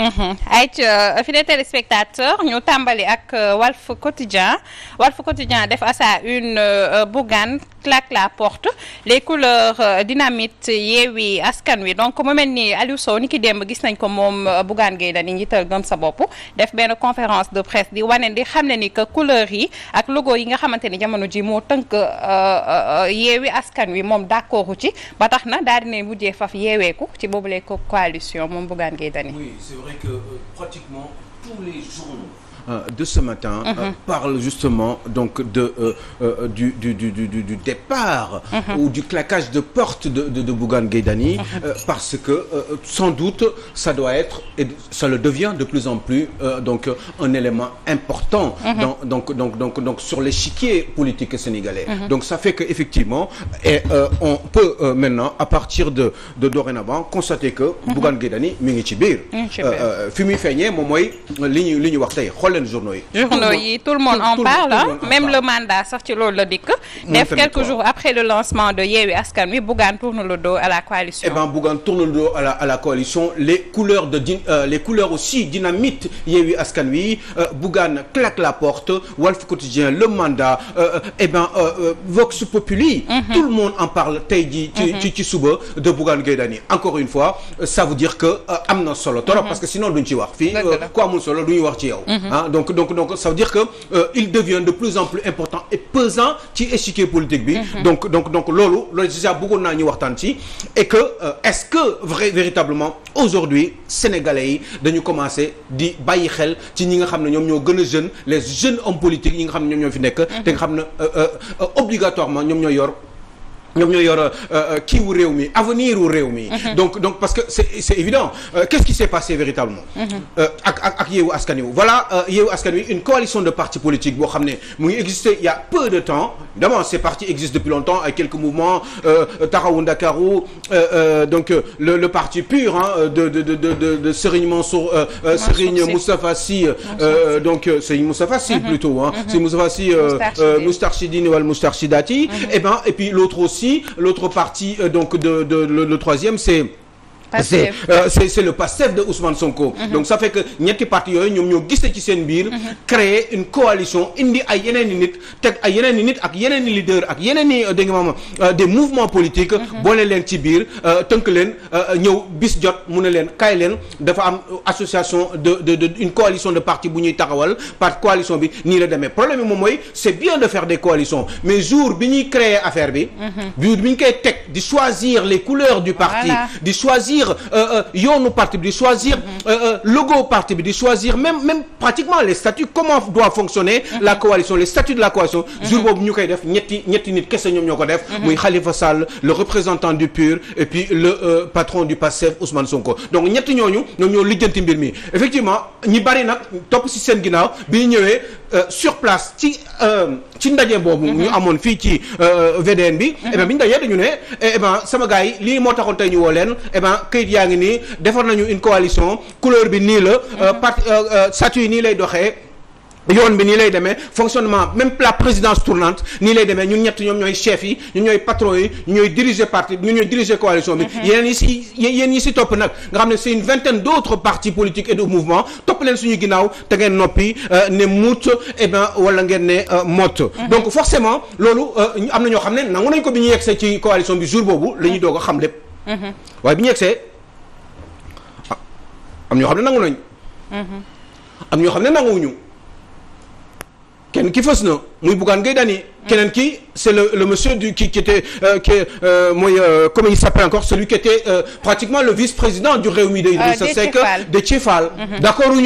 ay mhm. ayca uh, fidèles téléspectateurs ñu tàmbali ak uh, Walf Quotidien Walf Quotidien def à sa une uh, Bougane claque la porte les couleurs dynamite Yewwi Askan Wi donc mu mel ni Aliou Sow ni ki démb gis nañ ko moom Bougane Gueye Dany njiital gëm sa bopp def benn conférence de presse di wane di xam ne ni que couleurs yi ak logo yi nga xamante ni jamono ji moo tënk yeewi Askan Wi moom d'accordu ci ba tax na daal dina mujjee faf yeeweeku ci boobu la coalition moom Bougane Gueye Dany vrai que euh, pratiquement tous les journaux Euh, de ce matin. Mhm. Euh, parle justement donc de euh, du du du du du départ. Mhm. ou du claquage de porte de de de Bougane Gueye Dany mhm. parce que sans doute ça doit être et ça devient de plus en plus donc un élément important. dans donc donc donc donc sur l'échiquier politique sénégalais. donc fait que effectivement on peut maintenant à partir de de dorénavant constater que. Bougane Gueye Dany mi ngi ci biir. fi muy leen journaux yi. journaux yi tout le monde en parle même le mandat sax ci loolu dikk. def quelques jours après le lancement de Yewwi Askan Wi Bougane tourne le dos à la coalition. eh ben Bougane tourne le dos la à la coalition les couleurs euh, aussi dynamite Yewwi Askan Wi euh, claque la porte Walf Quotidien le mandat euh, eh ben Vox Populi. Mhm. tout le monde en parle tey jii. ci mhm. ci de Bougane Gueye Dany encore une fois ça veut dire que am na solo trop mhm. parce que sinon duñ ci wax. fii ku amul solo duñu wax ci ah donc donc donc ça veut dire que euh, il devient de plus en plus important et pesant ci échiquier politique bi. Mhm. donc donc donc loolu loolu déjà bëggoon naa ñu waxtaan ci. et que euh, est-ce que vrai véritablement aujourd'hui sénégalais yi dañu commencer di bàyyi xel ci ñi nga xam ne ñoom ñoo gën a jeunes les jeunes hommes politiques yi nga xam ne ñoom ñoo fi nekk. Mhm. te nga xam ne euh, euh, obligatoirement ñoom ñoo yor. ñoom ñoo yor euh, euh, kii wu réew mi avenir wu réew mi. Mhm. donc donc parce que c'est c'est évident euh, qu'est-ce qui s'est passé véritablement. Mhm. Euh, ak ak ak Yewwi Askan Wi voilà euh, Yewwi Askan Wi une coalition de partis politiques boo xam ne mu ngi exister il y a peu de temps évidemment ces partis existent depuis longtemps ay quelques mouvements euh, Taxawu Ndakaaru donc le le parti pur hein, de de de de de, de Serigne Mansour. Serigne Moustapha Sy donc mhm. Serigne Moustapha Sy plutôt hein. Serigne Moustapha Sy. Moustachidine wala Moustachidati. et ben et puis l'autre aussi. aussi l'autre partie euh, donc de de le, le troisième c'est Euh, c'est c'est le Pastef de Ousmane Sonko. Mhm. donc ça fait que ñetti parti yooyu ñoom ñoo gisee ci seen biir. Mhm. créer une coalition indi ay yeneen i nit teg ay yeneen i nit ak yeneen i leader ak yeneen i euh, dégg nga euh, des mouvements politiques. Mhm. boole leen ci biir tënk leen ñëw bis jot mu ne leen kaay leen dafa am association de de de une coalition de parti bu ñuy taxawal par coalition bi nii la demee problème bi moom mooy c'est bien de faire des coalitions mais jour bi ñuy créer affaire bi. bi choisir euh, euh, yoonu parti bi di choisir mhm. euh, logo parti bi di choisir même même pratiquement les statuts comment doit fonctionner mhm. la coalition les statuts de la coalition mhm. jour boobu ñu koy def ñetti ñetti nit kese ñoom ñoo ko def muy Khalifa Sall le représentant du PUR et puis le patron du PASTEF Ousmane Sonko donc ñetti ñooñu ñoom ñoo lijjanti mbir effectivement ñi bari nag topp ci seen ginnaaw bi ñu ñëwee sur place ci ci ndaje boobu ñu amoon fii ci VDN bi eh bi ñu dajee dañu ne eh, eh sama gars kayit yaa ngi nii defar nañu une coalition couleur bi nii la euh, mhm. parti euh, euh, statut yi nii lay doxee yoon bi nii lay demee fonctionnement même la présidence tournante nii lay demee ñun ñett ñoom ñooy chef yi ñun ñooy patron yi ñooy diriger parti ñun ñooy diriger coalition bi mhm. yeneen yi si yéen yi si topp nag nga xam ne c'est une vingtaine d'autres partis politiques et de mouvements topp leen suñu ginnaaw te ngeen noppi ne muut et eh ben wala ngeen ne mott mhm. donc forcément loolu am na ñoo xam ne nangu nañ ko bi ñu yegsee ci coalition bi jour boobu la ñuy doog xam lépp Mm-hmm. waaye bi ñu yegsee am ñoo xam ne nangu nañ. Mm-hmm. am ñoo xam ne nanguwuñu kenn ki fës na muy Bougane Gueye Dany mm-hmm. keneen ki c'est le le monsieur du qui qui était euh, qui euh, mooy euh, il s'appelle encore celui qui était euh, pratiquement le vice-président du Rewmi de Idrissa euh, Seck Déthié Fall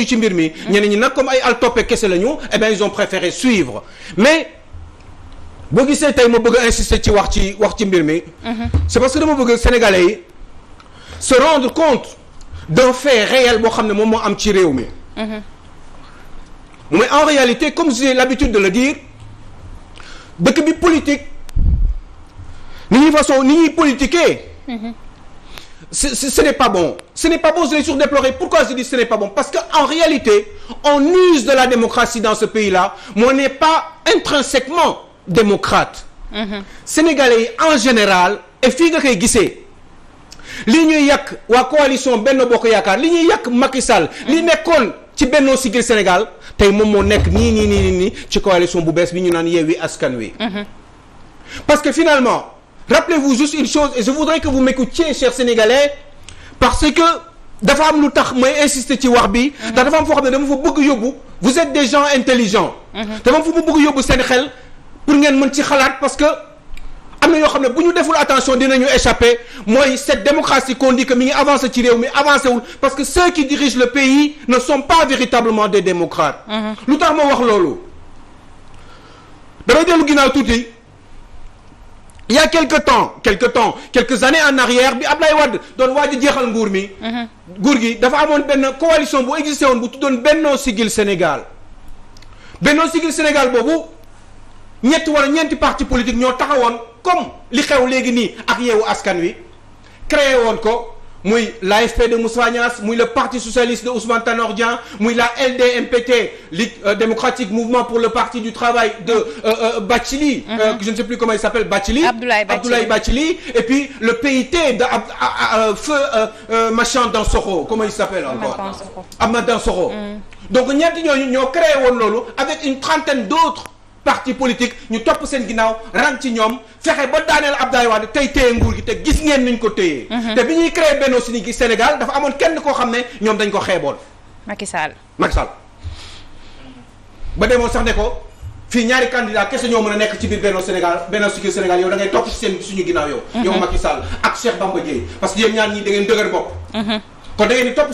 ci mbir mi ñeneen ñi nag comme ay al toppe kese la ñu eh bien ils ont préféré suivre mais boo gisee tey ma bëgg a insister ci wax ci wax ci mbir mi. Mhm. c'est parce que dama bëgg sénégalais yi se rendre compte d'un fait réel boo xam ne moom moo am ci réew mi. Mhm. mais en réalité comme j'ai l'habitude de le dire dëkk bi politique ni ñuy façon ni ñuy politiquer. Mhm. ce ce n'est pas bon ce n'est pas bon je l'ai surdéploré pourquoi je dis ce n'est pas bon parce que réalité on use de la démocratie dans ce pays-là mais n'est pas intrinsèquement. démocrate sénégalais yi en général e fii nga koy gisee li ñuy yàq waa coalition Benno Bokk Yaakaar li ñuy yàq Macky Sall li nekkoon ci Benno Siggil Sénégal tey moom moo nekk nii nii nii nii ci coalition bu bees bi ñu naan Yewwi Askan Wi parce que finalement rappelez-vous juste une chose et je voudrais que vous m'écoutiez chers Sénégalais parce que dafa am lu tax may insister ci wax bi ndax dafa am foo xam ne dama fa bëgg yóbbu vous êtes des gens intelligents mhm. dafa am seen xel pour ngeen mën ci xalaat parce que am na yoo xam ne bu ñu deful attention dinañu échapper mooy cette démocratie qu'on di que mi ngi avancer ci réew mi avancer wul parce que ceux qui dirigent le pays ne sont pas véritablement des démocrates. Mm-hmm. lu tax moo wax loolu. damay dellu ginnaaw tuuti il y a quelque temps quelque temps quelques années en arrière bi Ablaye Wade doon waaj a jeexal nguur mi. Mm-hmm. nguur gi dafa amoon benn coalition bu existé woon bu tuddoon Benno Siggil Sénégal Benno Siggil Sénégal boobu. ñetti wala ñeenti parti politique ñoo taxawoon comme li xew léegi nii ak yeewu askan wi créé woon ko muy l'AFP de Moussa muy le parti socialiste de Ousmane Tanor Dieng muy la LDMPT Ligue euh, démocratique mouvement pour le parti du travail de euh, euh, Bathily. Mm -hmm. je ne sais plus comment il s'appelle Bathily. Abdoulaye Bathily Abdoulaye et le PIT de ab feu euh, euh, machin Dansokho comment il s'appelle encore Amath Dansokho. Amath Dansokho. Mm. donc ñeenti ñooñu ñoo créé woon loolu avec une trentaine d'autres parti politique ñu topp seen ginnaaw ran ci ñoom fexe ba daaneel Abdoulaye Wade tey téye nguur gi te gis ngeen niñ ko téyee mhm. te bi ñuy créé Benno Siggil Sénégal dafa amoon kenn koo xam ne ñoom dañ ko xeeboon Macky Sall Macky Sall ba demoon sax ne ko fii ñaari candidat kese ñoo mën a nekk ci biir Benno Sénégal Benno Siggil Sénégal yow da ngay topp ci seen suñu ginnaaw yow mhm. yow Macky Sall ak Cheikh Bamba Dièye parce que yéen ñaar ñii da ngeen dëgër bopp mhm. kon da di topp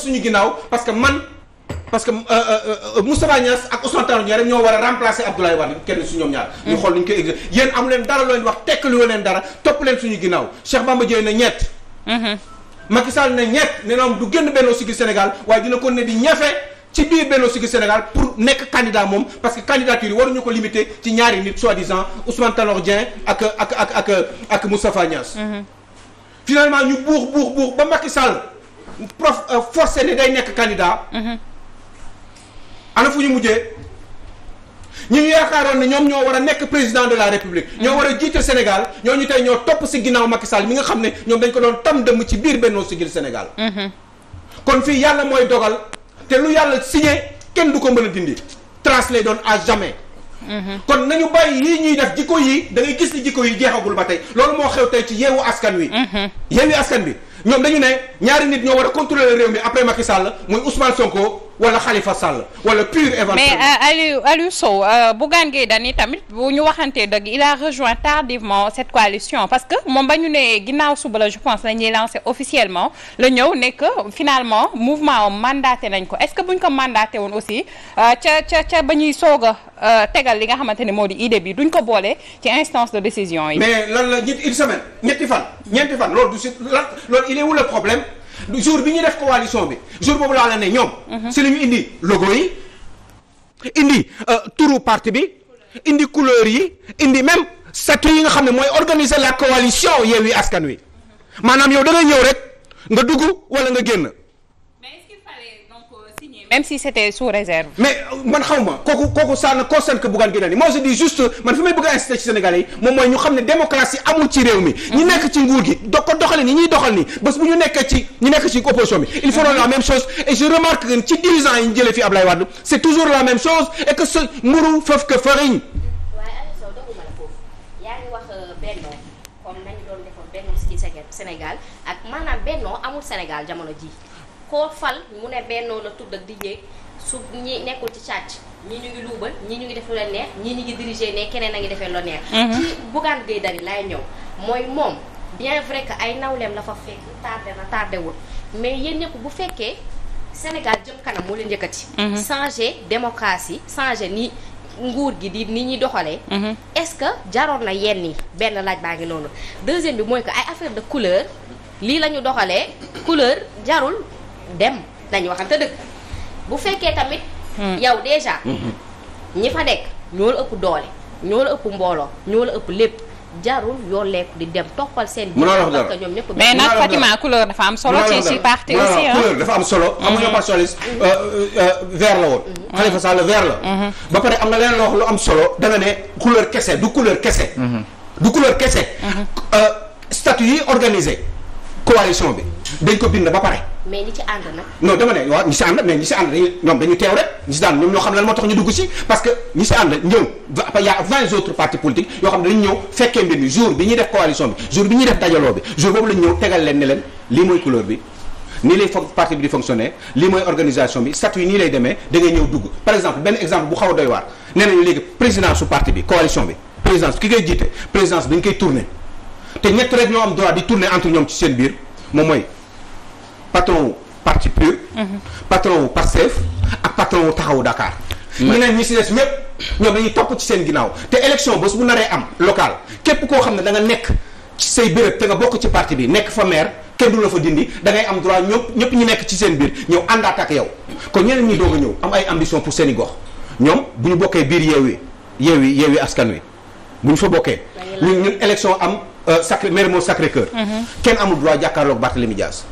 parce que euh, euh, euh, Moustapha Niass ak Ousmane Tanor Dieng rek war a remplacer Abdoulaye Wade kenn su ñoom ñaar. ñu xool nu ñu koy exercer yéen amu leen dara loo leen wax tekkaluwee leen dara topp leen suñu ginnaaw Cheikh Bamba na ñett. Mhm. Macky Sall na ñett ne ñoom du génn Benno Siggil Sénégal waaye dina ko ne di ñafe ci biir Benno Siggil Sénégal pour nekk candidat moom parce que candidature yi ñu ko limiter ci ñaari nit soi-disant Ousmane Tanor Dieng ak ak ak ak ak Moustapha Niass. Mhm. ñu buux buux buux ba Macky Sall prof forcé ne ana fu ñu mujjee ñu yaakaaroon ne ñoom ñoo war a nekk président de la république. ñoo war a jiite Sénégal ñooñu tey ñoo topp si ginnaaw Macky mi nga xam ne ñoom dañ ko doon tam dëmm ci biir Benno Siggil Sénégal. Mhm. kon fii yàlla mooy dogal te lu yàlla signé kenn du ko mën a dindi trace lay doon a jamais. Mhm. kon nañu bàyyi yii ñuy def jikko yi da ngay gis ni jikko yi jeexagul ba tey loolu moo xew tey ci yeewu askan wi. Mhm. yeewu askan wi ñoom dañu ne ñaa nit a contrôler réew mi après Macky Sall muy Ousmane wala Khalifa Sall wala pur éventuellement. mais euh, Aliou Aliou Sow euh, Bougane Gueye Dany tamit bu ñu waxantee dëgg il a rejoint tardivement cette coalition parce que moom ba ñu ne ginnaaw suba la je pense la ñuy lancé officiellement la ñëw nekk que finalement mouvement am mandaté nañ ko est-ce que bu ñu ko mandaté woon aussi euh, ca ca ca ba ñuy soog a tegal li nga xamante ne moo di idée bi duñ ko boole ci instance de décision yi. mais lan la ñetti une semaine ñetti fan ñeenti fan loolu du si lan loolu du jour bi ñu def coalition bi jour boobu laa la ne ñoom. Mhm. si la ñu indi logo yi indi euh, turu parti bi indi couleur yi indi même statut yi nga xam ne mooy organiser la coalition Yewwi Askan Wi mhm. maanaam yow da ñëw rek nga dugg wala nga génn. même si c'était sous réserve. mais man xaw ma kooku kooku ça ne concerne que Bougane Gueye moi je dis juste man fi may bëgg a insister ci yi moom mooy ñu xam ne démocratie amul ci réew mi. ñi nekk ci nguur gi do ko doxalee ni ñuy doxal nii bés bu ñu nekkee ci ñi nekk ci opposition bi. ils feront la même chose et je remarque que ci dirigeants yi ñu jëlee fi Ablaye Wade c' est toujours la même chose et que sa mburu foofu que euh, farine. amul Sénégal jamono ji koo fal mu ne bennoo la tudd ak di yéeg su ñi nekkul ci càcc ñi ñu ngi luubal ñi ñu ngi def lu leen neex ñi ñu ngi diriger ne keneen a ngi defee lu neex mhm. ci Bougane Gueye Dany laay ñëw mooy moom bien vrai que ay nawleem la fa fekk tardé na tardé wul mais yéen ñëpp bu fekkee Sénégal jëm kanam moo leen yëkkati mhm. changer démocratie changer ni nguur gi di ni ñuy doxalee mhm. est-ce que jaroon na yenn yi benn laaj baa ngi noonu deuxième bi mooy que ay affaire de couleur lii la ñu doxalee couleur jarul dem dañu waxante dëgg bu fekkee tamit. Hmm. yow déjà. Hmm. ñi fa nekk ñoo la ëpp doole ñoo la ëpp mbooloo ñoo la ëpp lépp. jarul yoo lekk di dem toppal seen. mënoo wax ñoom ñëpp mais nag Fatima couleur dafa am solo. ci ci parti aussi couleur dafa am solo. Hmm. am nga ñoo parti socialiste euh, euh, euh, vert la woon. Khalifa ba pare am na leneen loo wax am solo da nga ne couleur kese du couleur kese. du couleur kese. statut yi organisé. coalition bi dañ ko bind ba pare. mais ñi ci ànd nag. non dama ñi si ànd mais ñi si ànd dañuy ñoom dañu teew rek ñi si daan ñoom ñoo xam lan moo tax ñu dugg si parce que ñi si ànd ñëw va y ñëw fekkee mbir mi jour bi ñuy def coalition bi jour bi ñuy def dajaloo bi jour boobu lañu ñëw tegal leen ne leen lii mooy couleur bi. nii lay parti bi di fonctionner lii mooy organisation bi statut nii lay demee da ñëw dugg par exemple benn exemple bu xaw te ñett rek ñoo am droit di tourner entre ñoom ci seen biir moom mooy patron wu parti PUR. patron wu Pastef ak patron wu taxawu Dakar. ñeneen ñi si des ñëpp ñoom dañuy topp ci seen ginnaaw te élection bés bu naree am local képp koo xam ne danga nekk ci say béréb te nga bokk ci parti bi nekk fa maire kenn du la fa dindi da am droit ñëpp ñëpp ñu nekk ci seen biir ñëw àndaat ak yow kon ñeneen ñi doo a ñëw am ay ambition pour seeni gox ñoom bu ñu bokkee biir yeewi yeewi yeewi askan wi bu ñu fa bokkee am. Euh, sacré Mermoz Sacré-Cœur. Mhm. kenn amul droit jàkkaarloog Barthélémy Dias.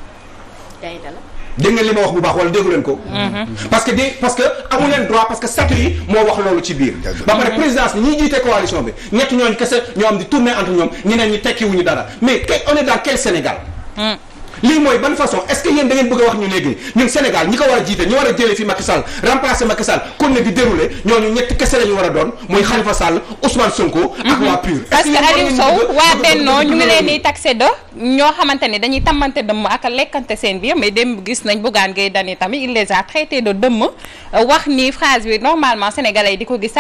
ngeen li ma wax bu baax wala déggu leen ko. Mhm. parce que dé parce que amu leen droit parce que sacré yi moo wax loolu ci biir. ba pare présidence bi ñiy jiite coalition bi ñett ñooñu kese ñoo am di tourner entre ñoom ñeneen ñi tekkiwuñu dara mais on est dans Sénégal. Mm. lii mooy ban façon est-ce que yéen da ngeen a wax ñu léegi ñun Sénégal ñi ko war a jiite ñu war a jëlee fi Macky Sall remplacer Macky Sall kon ne di dérouler ñooñu ñetti kese la ñu war a doon muy Khalifa Sall Ousmane Sonko. ak mhm. waa PUR. parce que Aliou Sow waa Benno ñu ngi leen di taxé ñoo xamante ne dañuy tàmmante dëmm ak lekkante seen biir mais démb gis nañ Bougane Gueye Dany tamit il les a traités de dëmm wax ni phrase bi normalement sénégalais di ko gis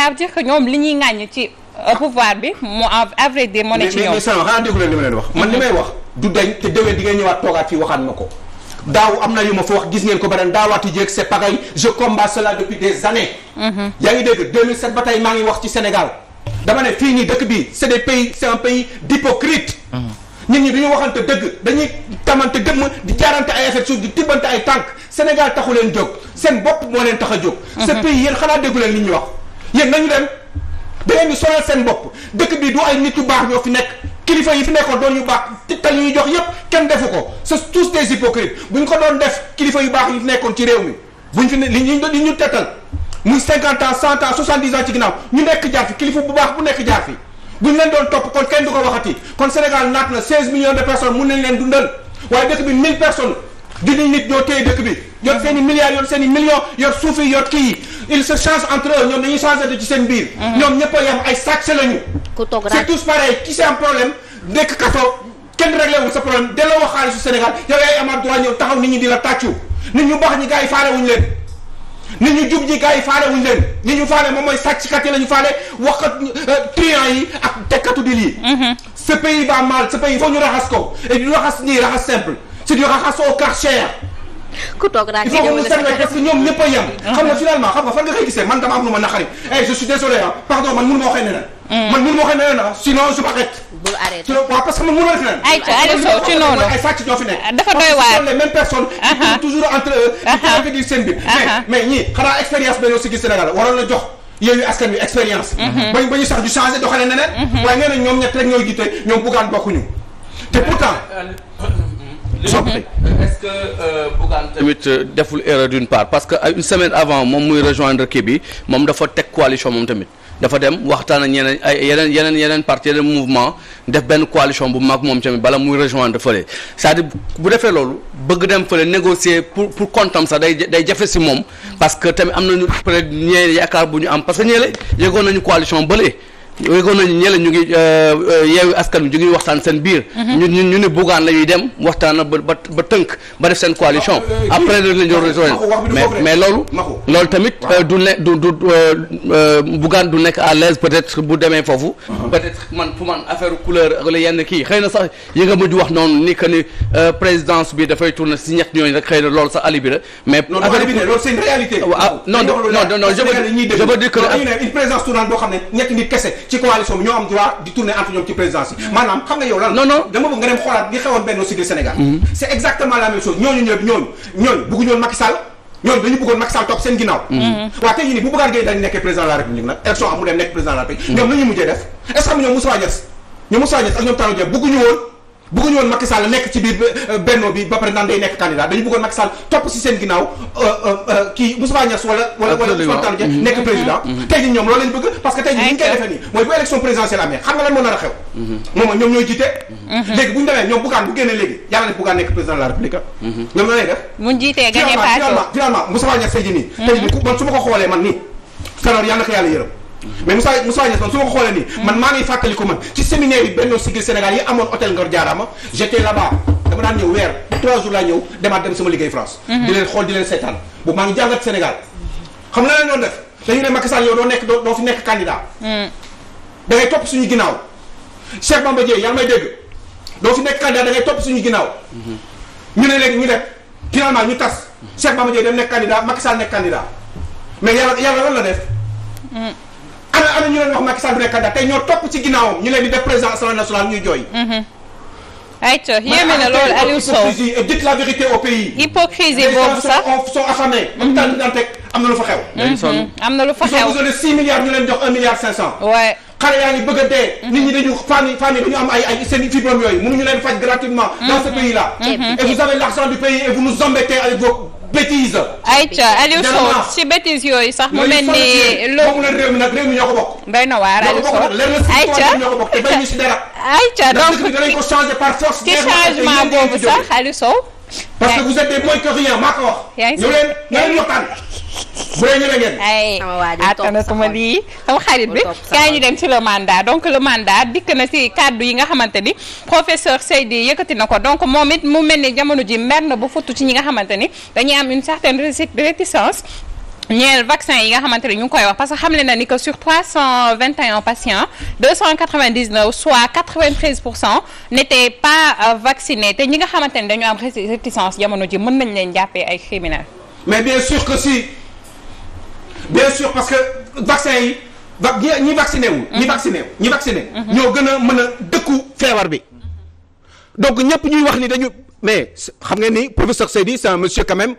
ñoom li ñuy ŋàññ ci Euh, pouvoir bi mu à vrai dire moo ne ci ñoom xanaa déglu li ma leen wax. man li may wax du dañ te déwén di ngeen ñëwaat toogaat fii waxaat ma ko. daaw am na yu ma fa wax gis neen ko ba ren daawaati jéeg c'est pareil je combat cela depuis des années. Mhm. yaa ngi dégg 2007 ba tey maa ngi wax ci Sénégal. dama ne fii nii dëkk bi c'est des pays c'est un pays d'hypocrite. Mhm. nit ñi du ñu waxante dëgg dañuy tamante dëmm di jaarante ay effet suuf di tibbante ay tànk Sénégal taxu leen jóg seen bopp moo leen tax a jóg. ce mhm. pays yéen xanaa leen li ñuy wax yéen nañu dem. beneen leen di seen bopp dëkk bi du ay nit yu baax ñoo fi nekk kilifa yi fi nekkoon doon yu baax tal yu ñuy jox yépp kenn defu ko c'est tous des hypocrites bu ñu ko doon def kilifa yu baax yi fi nekkoon ci réew mi bu ñu fi ne li ñu li ñu tettal muy 50 ans 100 ans 70 ci ginnaaw ñu nekk jaar fi kilifa bu baax bu nekk jaar fi bu ñu leen doon topp kon kenn du ko waxati kon Sénégal naat na 16 millions de personnes mun nañ leen dundal waaye dëkk ñoo téye dëkk bi yor seen i milliards yor i millions yor suuf yi ils se changent entre eux ñoom dañuy changé de ci seen biir. Mhm. ñoom ñëpp a ay sàcc lañu. ku toog c'est tous pareil qui c'est un problème sa problème delloo wax xaalisu Sénégal yow yaay amaat droit ñëw taxaw nit ñi di tàccu nit ñu baax ñi gars yi faale wuñu leen. nit ñu jub ñi gars yi faale leen nit ñu faale moom mooy sàcckat yi la ñu faale waxat euh, triant yi ak tekkatu di lii. Mhm. ce pays va mal ce pays foo ñu raxas ko et du raxas nii raxas simple c'est du raxas au karcher ku toog daal ci jaww gisee man dama am lu ma naqari. Eh, ah. man mënu waxee neneen. Mm. man mënu waxee neneen ah noonu ay sàcc ñoo ah, dafa doy waar parce que les uh-huh. toujours entre di di uh-huh. seen uh-huh. mais mais ñii xanaa expérience benn aussi gis Sénégal waroon na jox. yooyu askan wi expérience. Mm-hmm. ba ñu sax du changé doxalee neneen. Mm-hmm. waaye nee ñoom ñett rek ñoom buggaan bokkuñu te pourtant euh, soppite est que euh, Bougane tamit euh, deful erreur d'une part parce que euh, une semaine avant moom muy rejoindre kii bi moom dafa teg coalition moom tamit dafa dem waxtaan a ñeneen ay yeneen yeneen yeneen parti yeneen mouvement def benn coalition bu mag moom tamit bala muy rejoindre fële cest à bu defee loolu bëgg dem fële négocier pour pour kontam sax day day jafe si moom parce que tamit am nañu peut-être ñee yaakaar bu ñu am parce que ñeele yegoon nañu coalition bële yëgoon nañu ñële ñu ngi yeewu askan wi ñu ngi waxtaan seen biir. ñu ñu ñu ne Bougane la ñuy dem waxtaan ba ba tënk ba def seen coalition. après loolu la ñu mais mais loolu. loolu tamit du ne du du Bougane du nekk à l'aise peut-être bu demee foofu. peut-être man pour man affaire couleur wala yenn kii xëy na sax yi nga mujj wax noonu ni que ni présidence bi dafay tourner si ñett ñooñu rek xëy na lool sax alibi la mais. affaire bi loolu c'est une réalité. non non boo xam ne ñetti nit kese ci coalition bi ñoo am droit di tourner entre ñoom ci présidence yi maanaam xam nga yow lan non non dama bëgg nga dem xoolaat li xewoon benn sigil Sénégal mm-hmm. c'est exactement la même chose ñooñu ñooñu ñooñu ñoon Macky Sall dañu bëggoon Macky topp seen ginnaaw mm-hmm. waaw tey jii nii bu Bougane Gueye dañu nekkee président de la République nag élection am mu dem nekk président la République ñoom la mujjee def est-ce ñoom Moussa Niass ñoom Moussa ñoom Tanor Dieng bëgguñu woon Macky Sall nekk ci biir euh, euh, benno bi ba pare day nekk candidat dañu bëggoon Macky Sall topp si seen ginnaaw euh, kii Moustapha Niass wala wala wala Ousmane mm-hmm. nekk président mm-hmm. tey jii ñoom loolu lañ bëgg parce que tey jii ñu koy defee nii mooy bu élection présidentielle amee xam nga lan moo nar a xew mm-hmm. moom mooy ñoom ñooy jiite léegi bu ñu demee ñoom Bougane bu génnee léegi yàlla ne Bougane nekk président la République ah. ñoom la lay def muñ jiitee gagné paase finalement mais Moussa Moussa Niass man su ma ko xoolee nii. Mm. man maa ngi fàttali ko man ci séminaire yi Benno Siggil Sénégal yi amoon hôtel Ngor Jaaraama j'étais là-bas dama daan ñëw weer trois jours laa ñëw demaat dem sama liggéey France. Mm-hmm. di leen xool di leen seetaan bu maa ngi jàngat Sénégal xam na la ñoo def dañu ne Macky Sall yow doo nekk doo fi nekk candidat. Mm. da ngay topp suñu ginnaaw Cheikh Bamba Dièye yaa may dégg fi nekk candidat da ngay suñu ginnaaw. Mm-hmm. ñu ne léegi ñu def finalement ñu tas Cheikh Bamba Dièye dem nekk candidat Macky Sall nekk candidat mais yàlla yàlla ana ana ñu leen wax Macky Sall du nekk candidat tey ñoo topp ci ginnaawam ñu leen di def président assemblée nationale ñuy jooy. Mhm. ayca yéeme na loolu Aliou Sow et dites la vérité au pays. hypocrisie boobu sax les gens sont affamés. même temps am na lu fa xew. Mhm. Mhm. am na lu fa xew. ils ont 6 milliards ñu leen jox 1 milliard 500. waay xale yaa ngi bëgg a dee. nit ñi dañu famille famille dañu am ay ay seen fibrome yooyu mënuñu leen faj gratuitement. dans ce pays là. et vous avez bêtise. ayca Aliou Sow ci bêtise yooyu sax mu mel ni. loolu la réew mi nag réew mi ñoo ko bokk. doy na waar Aliou Sow ñoo ko bokk te bañu ci dara. ayca donc ki changement boobu sax Aliou Sow. parce que vous êtes des ah, sama lii sama xarit bi kaay ñu dem ci le mandat donc le mandat dikk na ci kàddu yi nga xamante ni professeur Seydi yëkkati na ko donc moom it mu mel ni jamono ji mer na ba futt ci ñi nga xamante ni dañuy am une certaine réticence ñeel vaccin yi nga xamante ne ñu ngi koy wax parce que xamle na ni que sur trois cent vingt et un cent quatre vingt dix neuf soit quatre vingt treize pour cent n'étaient pas euh, te ñi nga xamante ne dañu am réticence jamono ji mën nañ leen jàppee ay criminels. mais bien sûr que si bien sûr parce que vaccin yi va ñi mhm. vacciné wu. ñi vacciné wu mhm. ñi ñoo gën a mën a dëkku feebar bi donc ñëpp ñuy wax ni dañu mais xam nga ni professeur Seydi c'est un monsieur quand même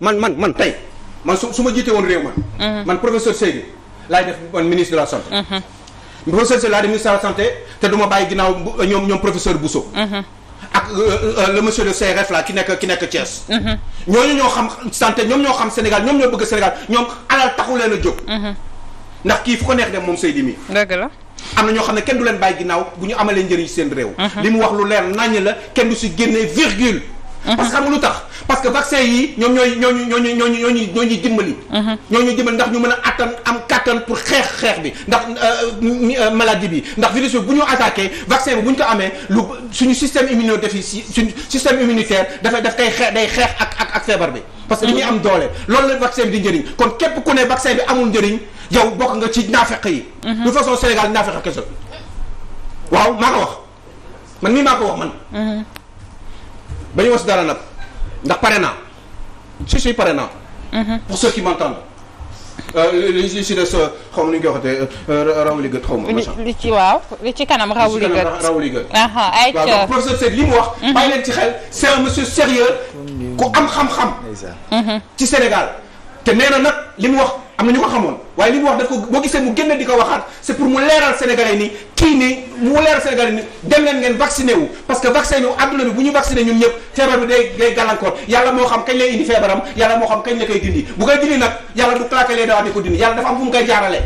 man man man tey. man su su ma jiite woon réew man. Mhm. man professeur Seydi laay def ministre de la santé. Mhm. professeur Seydi laay def ministre de la santé te du ma bàyyi ginnaaw euh, ñoom ñoom professeur Bousso. Mhm. ak euh, euh, le monsieur de CRF là ki nekk ki nekk Thiès. ñooñu ñoo xam santé ñoom ñoo xam Sénégal ñoom ñoo bëgg Sénégal ñoom alal taxu leen a jóg. ndax kii fu ko neex dem moom Seydi mi. dëgg la. am na ñoo xam ne kenn du leen bàyyi ginnaaw bu ñu amalee njëriñ seen réew. li mu wax lu leer naññ la kenn du si génnee virgule. parce que parce que vaccin yi ñoom ñooy ñooñu ñooñu ñooñu ñooñu ñooñu dimbali. ñooñu dimbali ndax ñu mën a attan am kattan pour xeex xeex bi ndax euh, euh, maladie bi ndax virus bi bu ñu attaqué vaccin bi bu ñu ko amee lu suñu système immunodéficit suñu système immunitaire dafay daf koy xeex day xeex ak ak ak feebar bi. parce que li ñuy am doole loolu la vaccin bi di njëriñ kon képp ku ne vaccin bi amul njëriñ yow bokk nga ci naafeq yi. Mhm. de façon Sénégal naafeq kese. waaw maa ko wax man mii maa ko wax man. Mhm. ba ñu wax dara nag ndax pare na si si pare naa. Mhm. pour ceux qui m'entendent. Euh, li ci des euh, xaw ma nu ñu koy waxatee euh, rawuli gët xaw ma. li ci waaw li ci kanam rawuli gët li ci kanam rawuli gët. Mhm. ci xel c' un monsieur sérieux ku am xam-xam. Mhm. ci Sénégal te nee na nag li wax am na ñu ko xamoon. waaye li mu wax daf ko boo gisee mu génn di ko waxaat c'est pour mu leeral sénégalais ni kii nii mu leeral sénégalais ni dem leen ngeen vacciné wu parce que vaccin wu adduna bi bu ñu vacciné ñun ñëpp feebar bi day day gàllankoor yàlla moo xam kañ lay indi feebaram yàlla moo xam kañ la koy dindi bu koy dindi nag yàlla du claqué les doigts di ko dindi yàlla dafa am fu mu koy jaarale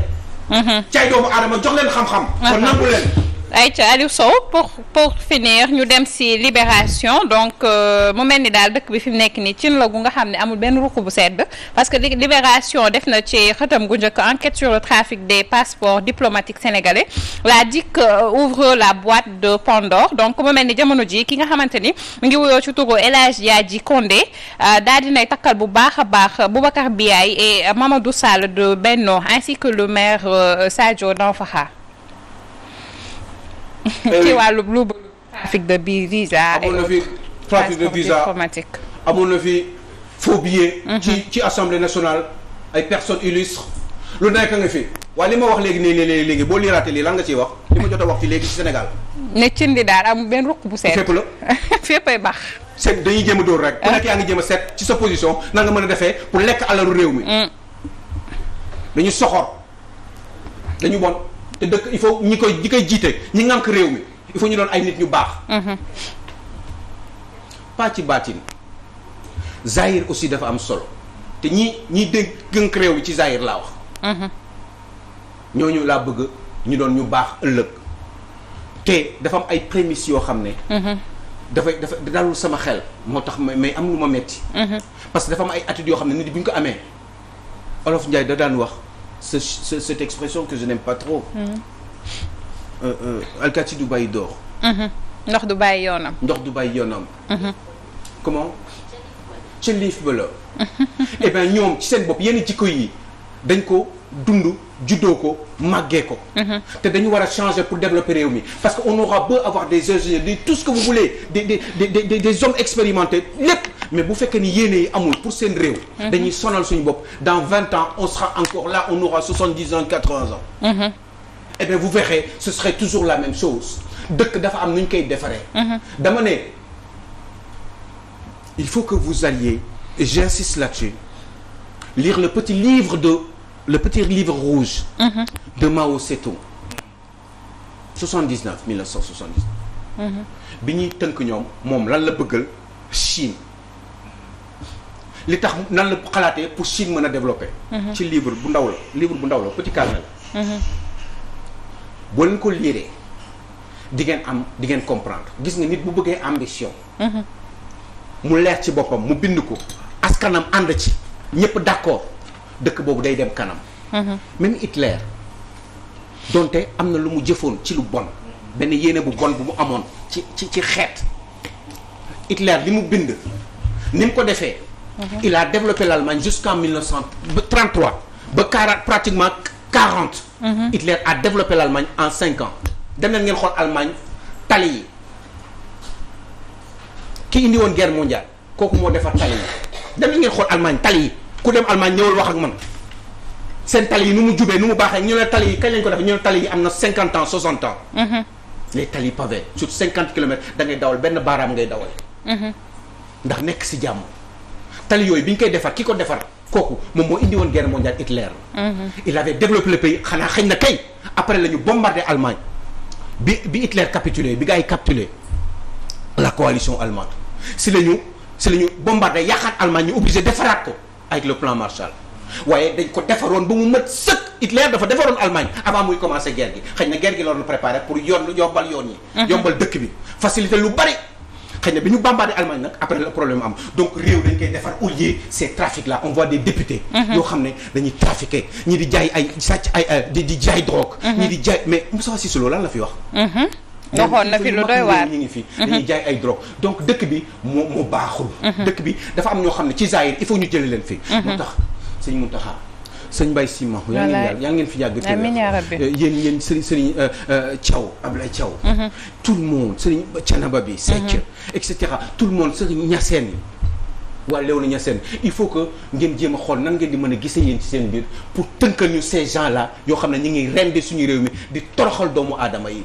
mhm. cay doomu aadama jox leen xam-xam kon nangu leen ay Aliou Sow pour pour finir ñu dem si libération donc euh, mu mel ni daal dëkk bi fi mu nekk nii cin la gu nga xam ne amul benn ruq bu sedd parce que libération def na ci xëtam gu njëkk enquête sur le trafic des passeports diplomatiques sénégalais la DIC euh, ouvre la boîte de Pandore donc mu mel ni jamono ji ki nga xamante ni mu ngi wuyoo ci turu El ji Yadji Condé euh, daal dinay takkal bu baax a baax Boubacar Biaye et Mamadou salle de Benno ainsi que le maire Sadio Danfaxa Eh ci wàllu lu bëgg trafic de visa amoon na fi trafic de visa amoon na fi faux billets mhm. ci ci assemblée nationale ay personnes illustres lu nekk nga fi waaye li ma wax léegi nii léegi léegi boo liiraatee lii lan nga ciy wax li ma jot a wax ci léegi ci Sénégal ne cin di daal amul benn ruq bu seet fépp la féppay baax seet dañuy jéem a dóor rek ku nekk yaa ngi jéem a seet ci sa position nan nga mën a defee pour lekk alalu réew mi mm. dañu soxor dañu bon te dëkk il faut ñi koy ñi koy jiite ñi ngànk réew mi il faut ñu doon ay nit ñu baax. Mhm. pas ci baatin Zahir aussi dafa am sol te ñi ñi dégg gënk réew mi ci Zahir laa wax. Mhm. ñooñu laa bëgg ñu doon ñu baax ëllëg te dafa am ay prémices yoo xam ne. Mhm. dafay dafa dalul sama xel moo tax may am lu ma metti parce que dafa am ay attitudes yoo xam ne nit bu ñu ko amee Olof njaay da daan wax. ce, ce, cette expression que je n'aime pas trop. Hmm. Euh, euh, alkaati du bàyyi door. Hmm. ndox du bàyyi yoonam. ndox du bàyyi yoonam. Hmm. comment. ca liif ba la. eh bien ñoom ci seen bopp yenn jikko yi dañ ko. dund juddoo ko màggee ko. Mhm. te dañu war a changer pour développer réew mi parce que on aura beau avoir des ingénieurs des tout ce que vous voulez des hommes expérimentés lépp mais bu fekkee ni yéene amul pour seen réew. Mhm. dañuy sonal suñu bopp dans vingt ans on sera encore là on aura soixante dix ans quatre vingt ans. Mm -hmm. et eh bien vous verrez ce serait toujours la même chose dëkk dafa am nu ñu koy defaree. Mhm. dama il faut que vous alliez et j'insiste lire le petit livre de. le petit livre rouge. Mmh. de Mao tse mhm. bi ñuy tënk ñoom moom lan la bëggal Chine li tax nan la xalaatee pour Chine mën a développer. Mhm. ci livre bu ndaw la livre bu ndaw la petit carnet la. Mhm. boo leen ko liiree di ngeen am di ngeen comprendre gis nga nit bu bëggee ambition. mu leer ci boppam mu bind ko askanam ànd ci ñëpp d'accord. dëkk boobu day dem kanam. même Hitler donte am na lu mu jëfoon ci lu bon benn yéene bu bon bu mu amoon ci ci ci xeet Hitler li mu bind ni mu ko defee. Mhm. il a développé l'Allemagne jusqu'en 1933 ba quarante pratiquement 40. Mhm. Hitler a développé l'Allemagne en cinq dem leen ngeen xool Allemagne tali yi ki indi woon guerre mondiale kooku moo defar tali yi dem leen ngeen xool Allemagne tali yi. ku dem Allemagne ñëwal wax ak man seen tali yi nu mu jubee nu mu baaxee ñu ne tali yi kañ lañ ko def ñu ne tali yi am na cinquante ans soixante ans. Mhm. les tali pavé sur cinquante kilomètres da ngay dawal benn baaraam ngay dawal. Mhm. ndax nekk si jàmm. tali yooyu bi ñu koy defar ki ko defar kooku moom moo indi woon guerre mondiale Hitler. Mhm. il avait développé le pays xanaa xëy na kay après la ñu bombardé Allemagne bi bi Hitler capitulé bi gars yi la coalition allemande si la ñu si la ñu bombardé yàqaat Allemagne ñu obligé ko. avec le plan Marshall waaye dañ ko defaroon ba mu mët sëkk Hitler dafa defaroon Allemagne avant muy commencer guerre gi xëy na guerre gi loolu la pour yoon yombal yoon yi. Mhm. yombal dëkk bi facilité lu bari. xëy na bi ñu bambaane Allemagne nag après le problème am donc réew dañ koy defar au lieu ces trafics là on voit des députés. Mhm. yoo xam ne dañuy trafiquer ñi di jaay ay sàcc ay di jaay drogue. Mhm. ñi di jaay mais Moussa si Lo lan la fi wax. waxoon na fi lu doy waar ñu ngi fi dañuy jaay ay drogue donc dëkk bi moo moo baaxul mhm. dëkk bi dafa am ñoo xam ne ci Zaïre il faut ñu jëli leen fii mhm. moo tax sëñ Mountakha sëñ Mbaye Sima yaa ngeen yaa ngeen fi yàgg euh, yéen yéen sëriñ sëriñ euh, euh, Thiaw Ablaye Thiaw mhm. tout le monde sëriñ Canaba bi Seck et cetera tout le monde sëriñ Ñaseen waa Léona Niassène il faut que ngeen jéem xool nan ngeen di mën a gisee yéen ci seen biir pour tënkal ñu ces gens là yoo xam ne ñu ngi rende suñu réew mi di toroxal doomu aadama yi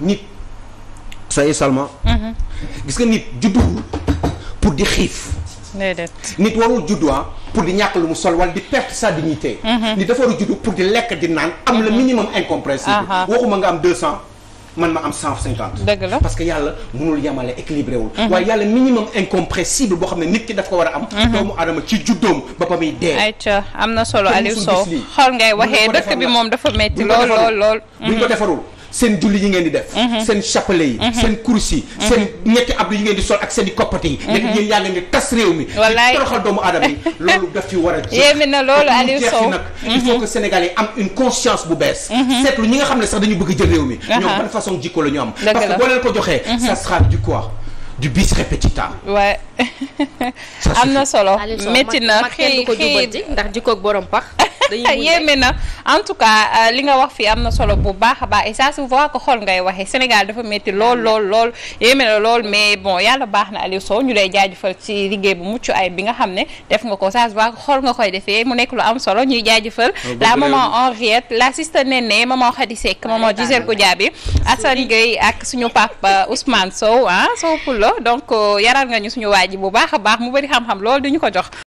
nit ça y est mhm. gis nga nit juddu pour di xiif. nit warul juddu ah, pour di ñàkk lu mu sol wala di perte sa dignité. Mhm. nit dafa war a juddu pour di lekk di naan. am le mhm. minimum incompréhensible. waxuma nga am deux cent. man ma am cent cinquante. dëgg la parce que yàlla mënul yemale équilibré wul. waaye yàlla minimum incompressible boo xam ne nit ki daf ko war a am. doomu aadama ci juddoom ba ba muy dee. ayca am na solo Aliou Sow xool ngay waxee dëkk bi moom dafa metti loo lool lool. buñ ko defarul seen julli yi ngeen di def mhm. seen chapelet yi mhm. seen kurus mhm. seen ñetti abdu yi ngeen di sol ak seen i koppati yi nekk yéen yaa ngeen di tas réew mi wallaay toroxal doomu aadama yi loolu daf fi war a yéeme na loolu Aliou Sow nag il faut que Sénégalais am une conscience bu bees seetlu ñi nga xam ne sax dañu bëgg jël réew mi ñoom ban façon jikko la am parce que boo leen ko joxee ça sera du quoi du bis répétita. waaw am na solo. métti na xëy xëy ndax jikkoog borom pax. yéeme na en tout cas euh, li nga wax fii am na solo bu baax a baax et ça se voit xol ngay waxee Sénégal dafa métti lool mm. lool lool yéeme na lool mais bon yàlla baax na Aliou Sow ñu lay jaajëfal ci liggéey bu mucc ay bi nga xam ne def nga ko ça se voit xol nga koy defee mu nekk lu am solo ñuy jaajëfal oh, la maman Henriette la sista Néné maman Khady Seck maman Gisèle Goudiaby Assane Gueye ak suñu papa euh, Ousmane Sow ah Sow la donc euh, yaral nga ñu suñu waa ji bu baax a baax mu bëri xam-xam lool ko jox